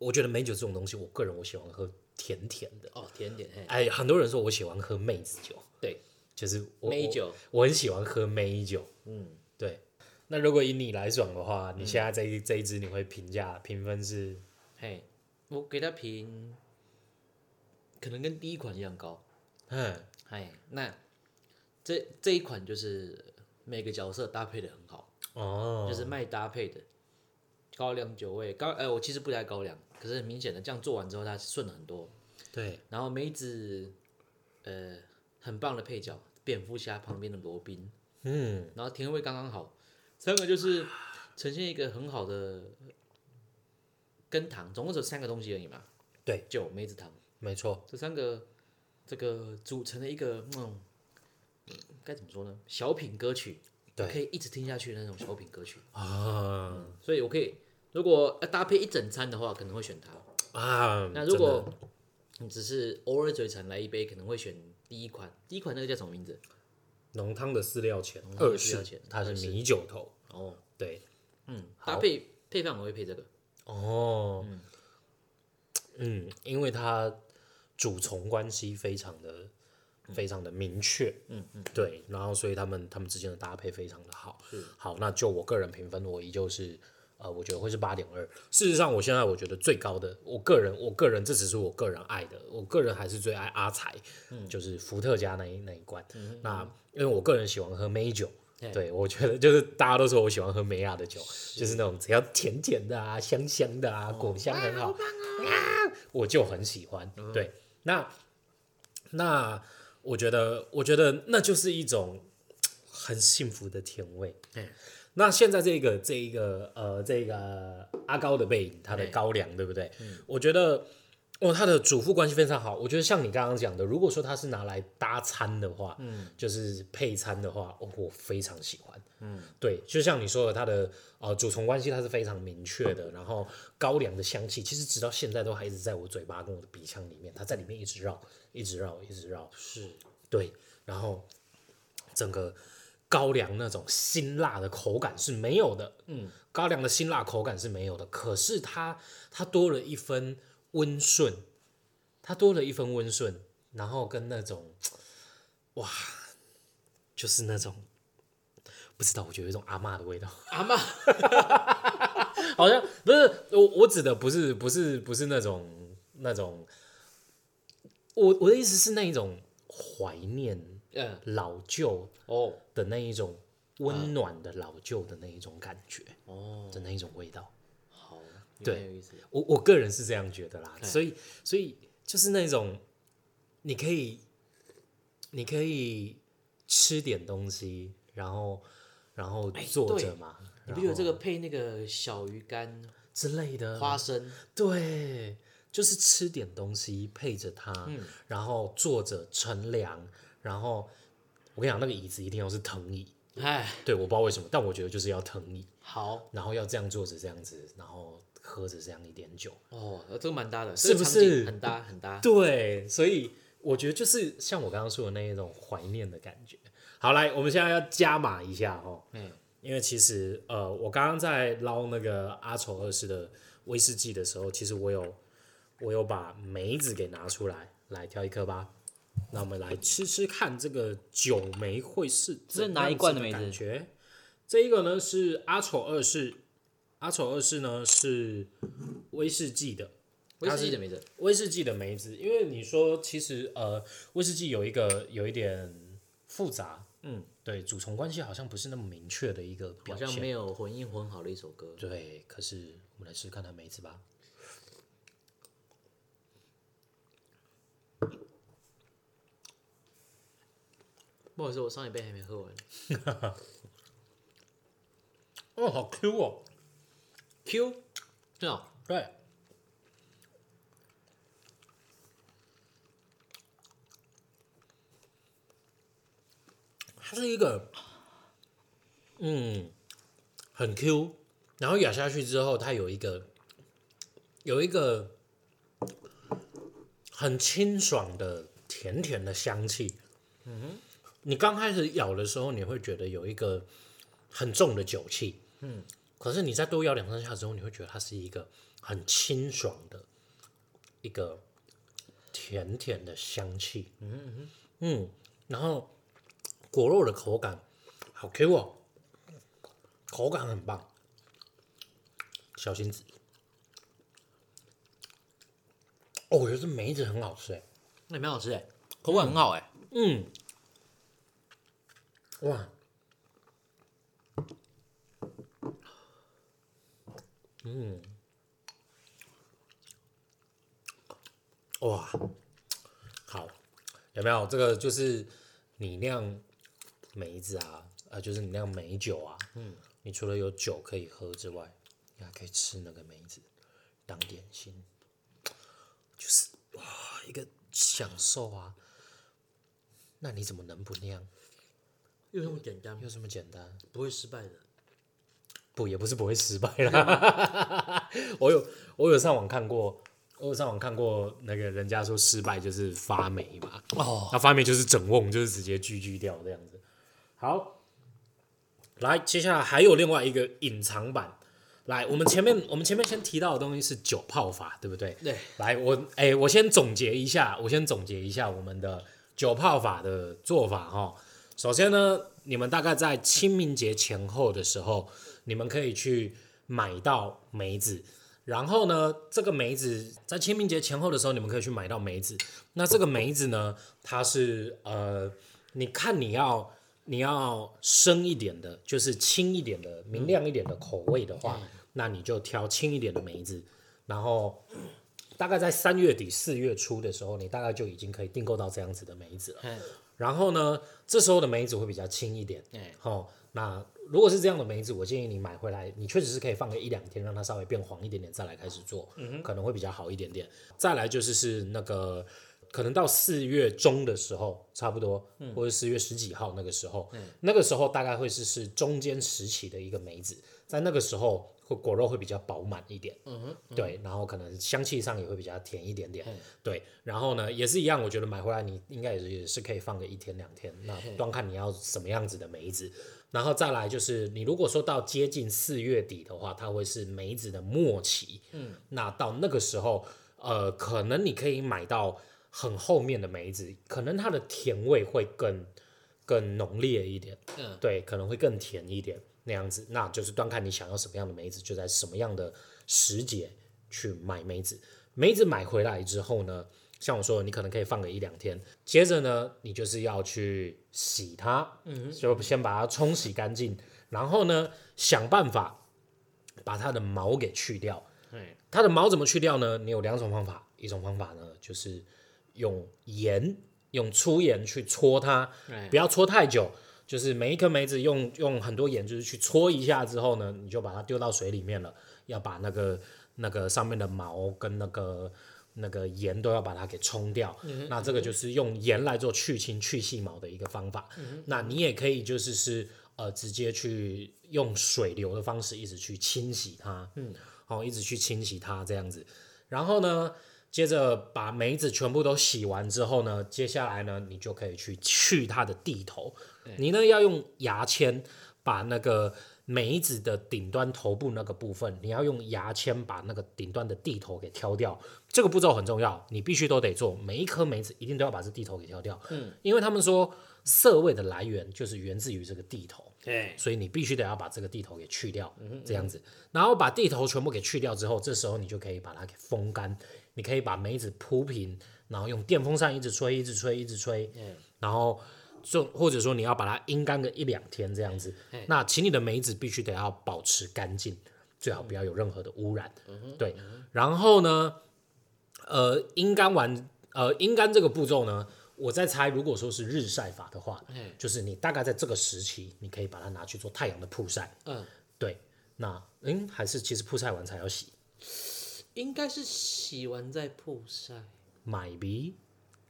我覺得梅酒這種東西，我個人我喜歡喝甜甜的哦，甜甜哎，很多人說我喜歡喝梅子酒，對，就是我梅酒我，我很喜歡喝梅酒，嗯，對。那如果以你來講的話，對你現在這一、嗯、這一支你會評價評分是？嘿，我給他評，可能跟第一款一樣高，嗯嘿，嘿，那這這一款就是每個角色搭配的很好、嗯、哦，就是賣搭配的高粱酒味，高、呃，我其實不太高粱。可是很明顯的，這樣做完之後，它順了很多。對。然後梅子，呃，很棒的配角，蝙蝠俠旁邊的羅賓。嗯、嗯。然後甜味剛剛好，三個就是呈現一個很好的跟糖，總共只有三個東西而已嘛。對，酒梅子糖，沒錯，這三個這個組成了一個，嗯，該怎麼說呢？小品歌曲，對，可以一直聽下去的那種小品歌曲啊、嗯。所以，我可以。如果要搭配一整餐的話，可能會選它啊。那如果你只是偶爾嘴饞來一杯，可能會選第一款。第一款那個叫什麼名字？濃湯的飼料錢，二是飼料錢，它是米酒頭哦。對，嗯，搭配配飯我會配這個哦。嗯，嗯，因為它主從關係非常的非常的明確，嗯嗯，對。然後所以他們他們之間的搭配非常的好，好。那就我個人評分，我依舊是。呃、我覺得會是八點二。事實上，我現在我覺得最高的，我個人，我個人這只是我個人愛的，我個人還是最愛阿財，嗯、就是伏特加那一那一關。嗯嗯，那因為我個人喜歡喝梅酒，嗯、對，我覺得就是大家都說我喜歡喝美雅的酒，是就是那種只要甜甜的啊，香香的啊，哦、果香很好，啊，好棒哦啊，我就很喜歡。嗯、對，那那我覺得，我覺得那就是一種很幸福的甜味。嗯那現在這個這一個呃這個阿高的背影，他的高粱，欸、對不對？嗯、我覺得哦，他的主副關係非常好。我覺得像你剛剛講的，如果說他是拿來搭餐的話，嗯，就是配餐的話，我非常喜歡。嗯，對，就像你說的，他的呃主從關係他是非常明確的。然後高粱的香氣，其實直到現在都還一直在我嘴巴跟我的鼻腔裡面，他在裡面一直繞，一直繞，一直繞。一直繞，是，對，然後整個。高粱那種辛辣的口感是沒有的，嗯，高粱的辛辣口感是沒有的，可是它它多了一分溫順，它多了一分溫順，然後跟那種，哇，就是那種不知道，我覺得有一種阿嬤的味道， 阿嬤， 好像不是我我指的不是不是不是那種那種，我我的意思是那一種懷念。嗯、老舊的那一種溫暖的老舊的那一種感覺哦，嗯、的那一種味道，好、哦，對意思，我我個人是這樣覺得啦，嘿所以所以就是那種你可以你可以吃點東西，然後然後坐着嘛，你比如這個配那個小魚乾之類的花生，對，就是吃點東西配着它，嗯、然後坐着乘涼。然後我跟你講，那個椅子一定要是藤椅。哎唉，對，我不知道為什麼，但我覺得就是要藤椅。好，然後要這樣坐着，這樣子，然後喝着這樣一點酒。哦，這個蠻搭的，是不是？很搭，很搭。對，所以我覺得就是像我剛剛說的那一種懷念的感覺。好，來，我們現在要加碼一下哦。嗯，因為其實呃，我剛剛在撈那個阿丑二世的威士忌的時候，其實我有我有把梅子給拿出來，來挑一顆吧。那我們來吃吃看，這個酒梅會是哪一罐的梅子感覺？這一個呢是阿丑二世，阿丑二世呢是威士忌的，威士忌的梅子。是威士忌的梅子，因為你說其實呃，威士忌有一個有一點複雜，嗯，對，主從關係好像不是那麼明確的一個表現，好像沒有混音混好的一首歌。對，可是我們來試試看它梅子吧。不好意思，我上一杯還沒喝完。 哦，好 Q 哦，Q，哦對，它是一個，嗯，很 Q，然後咬下去之後，它有一個，有一個很清爽的甜甜的香氣，嗯哼。你剛開始咬的時候，你會覺得有一個很重的酒氣，嗯，可是你再多咬兩三下之後，你會覺得它是一個很清爽的一個甜甜的香氣，嗯哼哼，嗯，然後果肉的口感好 Q 哦，口感很棒，小心子，哦，我覺得這梅子很好吃哎、欸，那也蠻好吃哎、欸，口感很好哎、欸，嗯。嗯。哇，嗯，哇，好，有沒有這個就是你釀梅子啊？啊，就是你釀梅酒啊。嗯，你除了有酒可以喝之外，你還可以吃那個梅子當點心，就是哇一個享受啊。那你怎麼能不釀？又這麼簡單？又這麼簡單？不會失敗的，不也不是不會失敗啦。嗎 我有我有上網看過，我有上網看過那個人家說失敗就是發霉嘛。哦，那發霉就是整甕，就是直接 GG 掉這樣子。好，來接下來還有另外一個隱藏版。來，我們前面我們前面先提到的東西是酒泡法，對不對？對。來，我哎、欸，我先總結一下，我先總結一下我們的酒泡法的做法齁。首先呢，你們大概在清明節前後的時候，你們可以去買到梅子。然後呢，這個梅子在清明節前後的時候，你們可以去買到梅子。那這個梅子呢，它是呃，你看你要你要青一點的，就是輕一點的、明亮一點的口味的話，嗯、那你就挑青一點的梅子。嗯、然後大概在三月底四月初的時候，你大概就已經可以訂購到這樣子的梅子了。然後呢，這時候的梅子會比較青一點，嗯哦。那如果是這樣的梅子，我建議你買回來，你確實是可以放個一兩天，讓它稍微變黃一點點，再來開始做，嗯、哼可能會比較好一點點。再來就是是那個，可能到四月中的時候，差不多，嗯、或者四月十幾號那個時候，嗯、那個時候大概會是是中間時期的一個梅子，在那個時候。果肉會比較飽滿一點，嗯哼，對，然後可能香氣上也會比較甜一點點，嗯，對，然後呢也是一樣，我覺得買回來你應該也是也是可以放個一天兩天，那端看你要什麼樣子的梅子，嘿然後再來就是你如果說到接近四月底的話，它會是梅子的末期，嗯，那到那個時候，呃，可能你可以買到很後面的梅子，可能它的甜味會更更濃烈一點，嗯，對，可能會更甜一點。那樣子，那就是端看你想要什麼樣的梅子，就在什麼樣的時節去買梅子。梅子買回來之後呢，像我說的，你可能可以放個一兩天。接着呢，你就是要去洗它，嗯哼，就先把它沖洗乾淨，然後呢，想辦法把它的毛給去掉。嘿它的毛怎麼去掉呢？你有兩種方法，一種方法呢就是用鹽，用粗鹽去搓它，嘿不要搓太久。就是每一顆梅子用用很多鹽，就是去搓一下之後呢，你就把它丟到水裡面了，要把那個那個上面的毛跟那個那個鹽都要把它給沖掉。嗯、哼那這個就是用鹽來做去腥、去細毛的一個方法。嗯、哼那你也可以就是是呃直接去用水流的方式一直去清洗它，嗯，好，一直去清洗它這樣子。然後呢？接着把梅子全部都洗完之後呢，接下來呢，你就可以去去它的蒂頭。你呢，要用牙籤把那個梅子的頂端頭部那個部分，你要用牙籤把那個頂端的蒂頭給挑掉。這個步驟很重要，你必須都得做，每一顆梅子一定都要把這蒂頭給挑掉。嗯、因為他們說澀味的來源就是源自於這個蒂頭，嗯、所以你必須得要把這個蒂頭給去掉。嗯嗯，這樣子，然後把蒂頭全部給去掉之後，這時候你就可以把它給風乾。你可以把梅子鋪平，然後用電風扇一直吹，一直吹，一直吹。Hey. 然後就或者說你要把它陰乾個一兩天這樣子。Hey. 那請你的梅子必須得要保持乾淨，最好不要有任何的污染。嗯，對。Uh huh. 然後呢，呃，陰乾完，呃，陰乾這個步驟呢，我在猜，如果說是日曬法的話，Hey. 就是你大概在這個時期，你可以把它拿去做太陽的曝曬。Uh. 對。那，嗯，還是其實曝曬完才要洗。應該是洗完再曝曬 maybe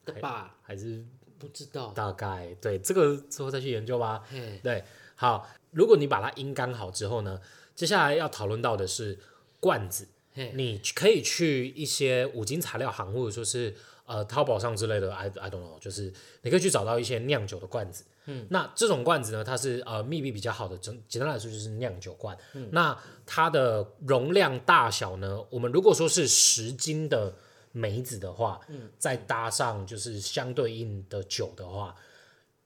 對吧？還是不知道？大概對，這個之後再去研究吧。嘿對，好。如果你把它陰乾好之後呢，接下來要討論到的是罐子。嘿你可以去一些五金材料行物，或者說是呃淘寶上之類的，I I don't know，就是你可以去找到一些釀酒的罐子。嗯，那這種罐子呢，它是呃密閉比較好的，簡簡單來說就是釀酒罐。嗯，那它的容量大小呢，我們如果說是十斤的梅子的話，嗯，再搭上就是相對應的酒的話，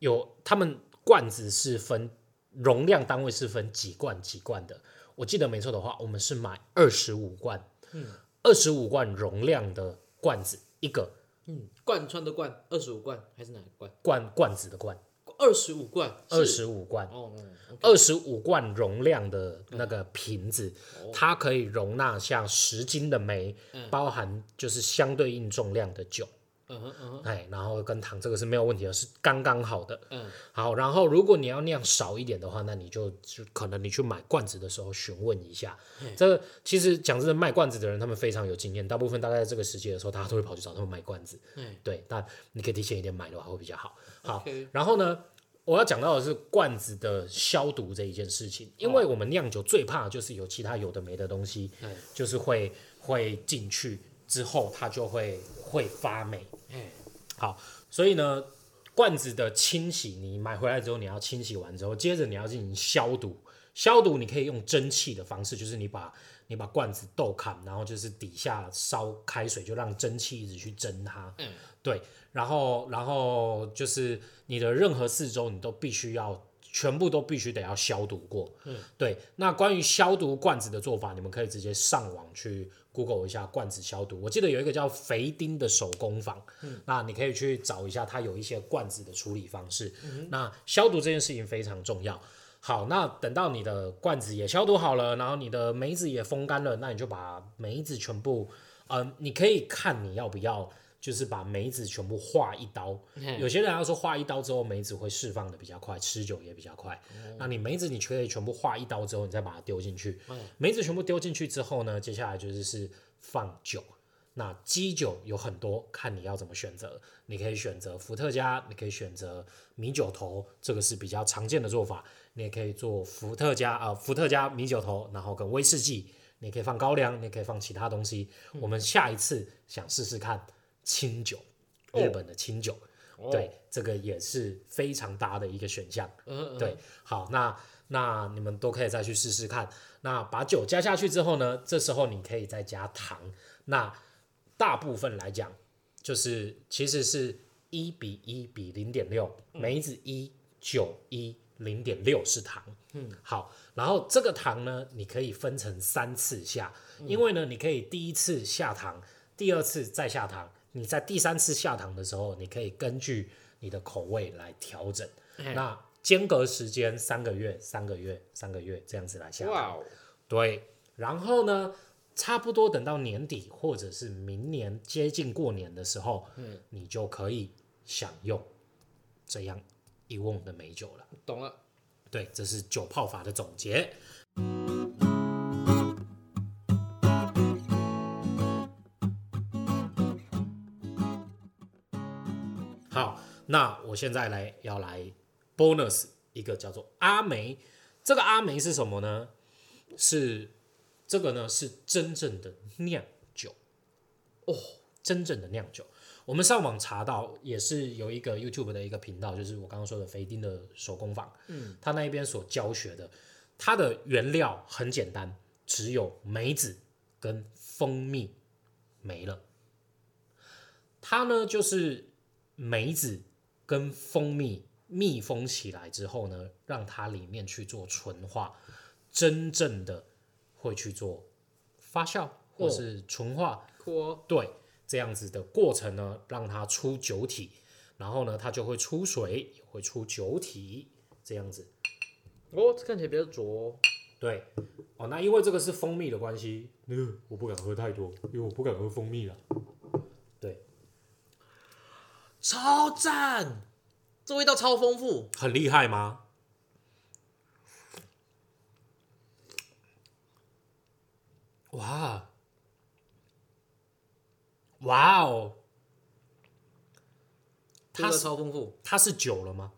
有他們罐子是分容量單位是分幾罐幾罐的。我記得沒錯的話，我們是買二十五罐，嗯，二十五罐容量的罐子一個，嗯，貫穿的貫，二十五罐還是哪一罐？罐罐子的罐。二十五罐，二十五罐，哦，二十五罐容量的那個瓶子，嗯 oh. 它可以容納下十斤的梅，嗯、包含就是相對應重量的酒，嗯嗯、uh，huh, uh huh. 哎，然後跟糖這個是沒有問題的，是剛剛好的，嗯、uh，huh. 好，然後如果你要釀少一點的話，那你就就可能你去買罐子的時候詢問一下，uh huh. 這其實講真的，賣罐子的人他們非常有經驗，大部分大概在這個時間的時候，他都會跑去找他們買罐子，uh huh. 對，但你可以提前一點買的話會比較好，好，Okay. 然後呢？Okay. 我要講到的是罐子的消毒這一件事情，因為我們釀酒最怕就是有其他有的沒的東西，就是會會進去之後它就會會發霉。好，所以呢，罐子的清洗，你買回來之後你要清洗完之後，接着你要進行消毒。消毒你可以用蒸汽的方式，就是你把你把罐子倒扣，然後就是底下燒開水，就讓蒸汽一直去蒸它。對，然後然後就是你的任何四周，你都必須要全部都必須得要消毒過。嗯，對。那關於消毒罐子的做法，你們可以直接上網去 Google 一下罐子消毒。我記得有一個叫肥丁的手工坊，嗯，那你可以去找一下，它有一些罐子的處理方式。嗯，那消毒這件事情非常重要。好，那等到你的罐子也消毒好了，然後你的梅子也風乾了，那你就把梅子全部，嗯，呃，你可以看你要不要就是把梅子全部劃一刀，有些人要說，劃一刀之後梅子會釋放得比較快，吃酒也比較快。那你梅子你卻可以全部劃一刀之後，你再把它丟進去。梅子全部丟進去之後呢，接下來就是是放酒。那基酒有很多，看你要怎麼選擇。你可以選擇伏特加，你可以選擇米酒頭，這個是比較常見的做法。你也可以做伏特加啊，伏特加、米酒頭，然後跟威士忌。你可以放高粱，你也可以放其他東西。我們下一次想試試看。清酒，日本的清酒，oh. Oh. 對，這個也是非常搭的一個選項。Oh. 對，好，那那你們都可以再去試試看。那把酒加下去之後呢，這時候你可以再加糖。那大部分來講，就是其實是一比一比零點六，梅子一、嗯，酒一，零點六是糖。嗯，好，然後這個糖呢，你可以分成三次下，因為呢，你可以第一次下糖，第二次再下糖。你在第三次下糖的時候，你可以根據你的口味來調整。嗯、那間隔時間三個月，三個月，三個月這樣子來下糖。哇哦、對，然後呢，差不多等到年底或者是明年接近過年的時候，嗯、你就可以享用這樣一甕的美酒了。懂了。對，這是酒泡法的總結。嗯那我現在來要來 bonus 一個叫做阿梅，這個阿梅是什麼呢？是這個呢，是真正的釀酒哦，oh, 真正的釀酒。我們上網查到，也是有一個 YouTube 的一個頻道，就是我剛剛說的肥丁的手工坊。嗯，他那一邊所教學的，它的原料很簡單，只有梅子跟蜂蜜沒了。它呢，就是梅子，跟蜂蜜密封起來之後呢，讓它裡面去做純化，真正的會去做發酵或是純化，oh. 對，這樣子的過程呢，讓它出酒體，然後呢，它就會出水，會出酒體這樣子。哦，oh, 這看起來比較濁。對，哦、oh，那因為這個是蜂蜜的關係，呃，我不敢喝太多，因為我不敢喝蜂蜜了。超讚，這味道超豐富，很厲害嗎？哇、wow. wow.，哇哦，它的超豐富，它是酒了嗎？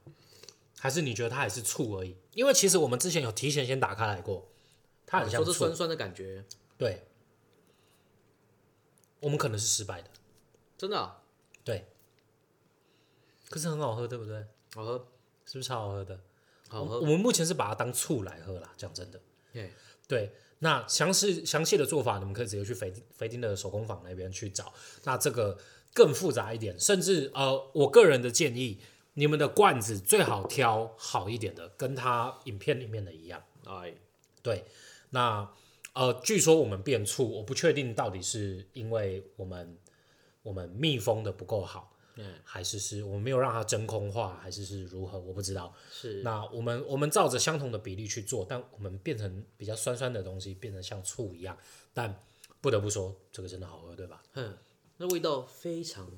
還是你覺得它也是醋而已？因為其實我們之前有提前先打開來過，它很像、啊、是酸酸的感覺。對，我們可能是失敗的，真的、啊。可是很好喝，對不對？好喝，是不是超好喝的？好喝。我，我們目前是把它當醋來喝啦。講真的，Yeah. 對。那詳細詳細的做法，你們可以直接去肥肥丁的手工坊那邊去找。那這個更複雜一點，甚至呃，我個人的建議，你們的罐子最好挑好一點的，跟它影片裡面的一樣。Aye. 對。那呃，據說我們變醋，我不確定到底是因為我們我們密封的不夠好。嗯、還是是，我們沒有讓它真空化，還是是如何？我不知道。是那我們我們照着相同的比例去做，但我們變成比較酸酸的東西，變得像醋一樣。但不得不說，這個真的好喝，對吧？嗯，那味道非常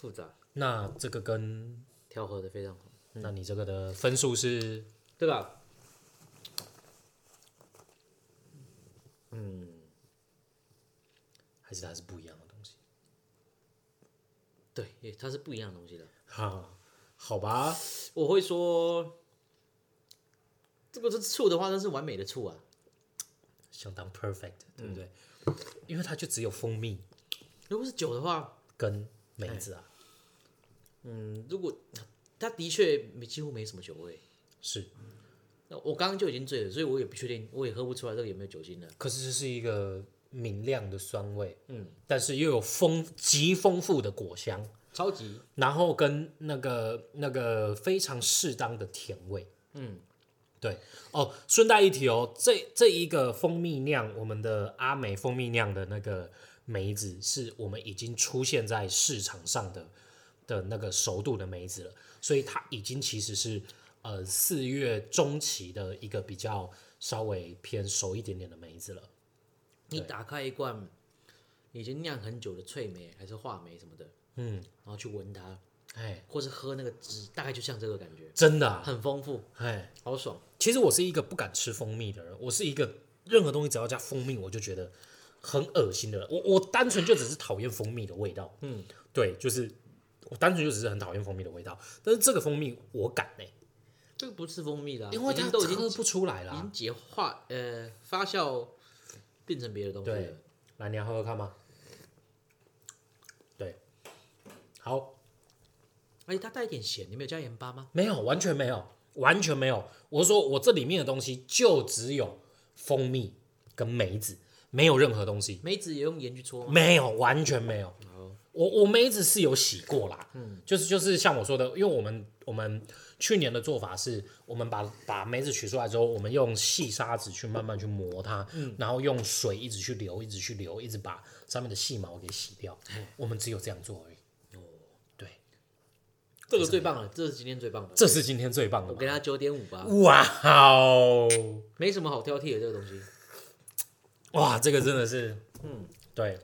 複雜。那這個跟調和的非常好。嗯、那你這個的分數是？對吧、這個？嗯，還是它是不一樣。對，它是不一樣的東西的。好，好吧，我會說，這個是醋的話，那是完美的醋啊，相當 perfect，對不對？嗯、因為它就只有蜂蜜。如果是酒的話，跟梅子啊，嗯，如果它，它的確沒幾乎沒什麼酒味，是，我剛剛就已經醉了，所以我也不確定，我也喝不出來這個有沒有酒精的。可是這是一個，明亮的酸味，嗯，但是又有豐極豐富的果香，超級，然後跟那個那個非常適當的甜味，嗯，對哦，順帶一提哦，這這一個蜂蜜釀，我們的阿美蜂蜜釀的那個梅子，是我們已經出現在市場上的的那個熟度的梅子了，所以它已經其實是呃四月中期的一個比較稍微偏熟一點點的梅子了。對你打開一罐已經釀很久的脆梅還是話梅什麼的，嗯，然後去聞它，哎嘿，或者喝那個汁，大概就像這個感覺，真的很豐富，哎嘿，好爽。其實我是一個不敢吃蜂蜜的人，我是一個任何東西只要加蜂蜜我就覺得很噁心的人，我我單純就只是討厭蜂蜜的味道，嗯唉，對，就是我單純就只是很討厭蜂蜜的味道。但是這個蜂蜜我敢嘞、欸，這個不是蜂蜜啦，因為它喝不出來了，凝結化呃發酵。變成別的東西。對，來，你要喝喝看嗎？對，好。而且、欸、它帶一點鹹，你沒有加鹽巴嗎？沒有，完全沒有，完全沒有。我說我這裡面的東西就只有蜂蜜跟梅子，沒有任何東西。梅子也用鹽去搓嗎？沒有，完全沒有。好我我梅子是有洗過啦，嗯、就是就是像我說的，因為我們我們。去年的做法是，我們把把梅子取出來之後，我們用細砂紙去慢慢去磨它，嗯、然後用水一直去流，一直去流，一直把上面的細毛給洗掉。嗯、我們只有這樣做而已。哦、對，這個最棒了，這是今天最棒的，這是,對這是今天最棒的。我給它九點五吧。哇哦 Wow，沒什麼好挑剔的這個東西。哇，這個真的是，嗯，對，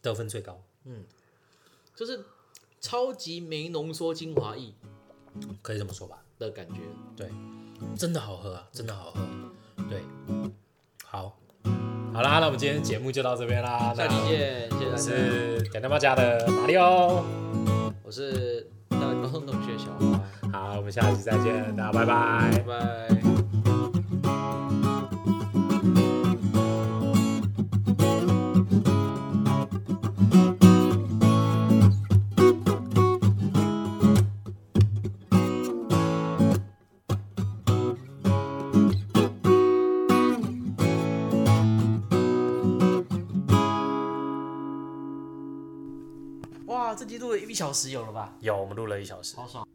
得分最高，嗯，就是超級梅濃縮精華液。可以這麼說吧，的感覺對，真的好喝啊，真的好喝啊，對，好，嗯、好啦，那我們今天節目就到這邊啦，下期見，謝謝大家。我是他家的馬力歐我是他的高中同學小花，好，我們下期再見，大家拜拜，拜拜。拜拜這集錄了一小時有了吧？有，我們錄了一小時。好爽。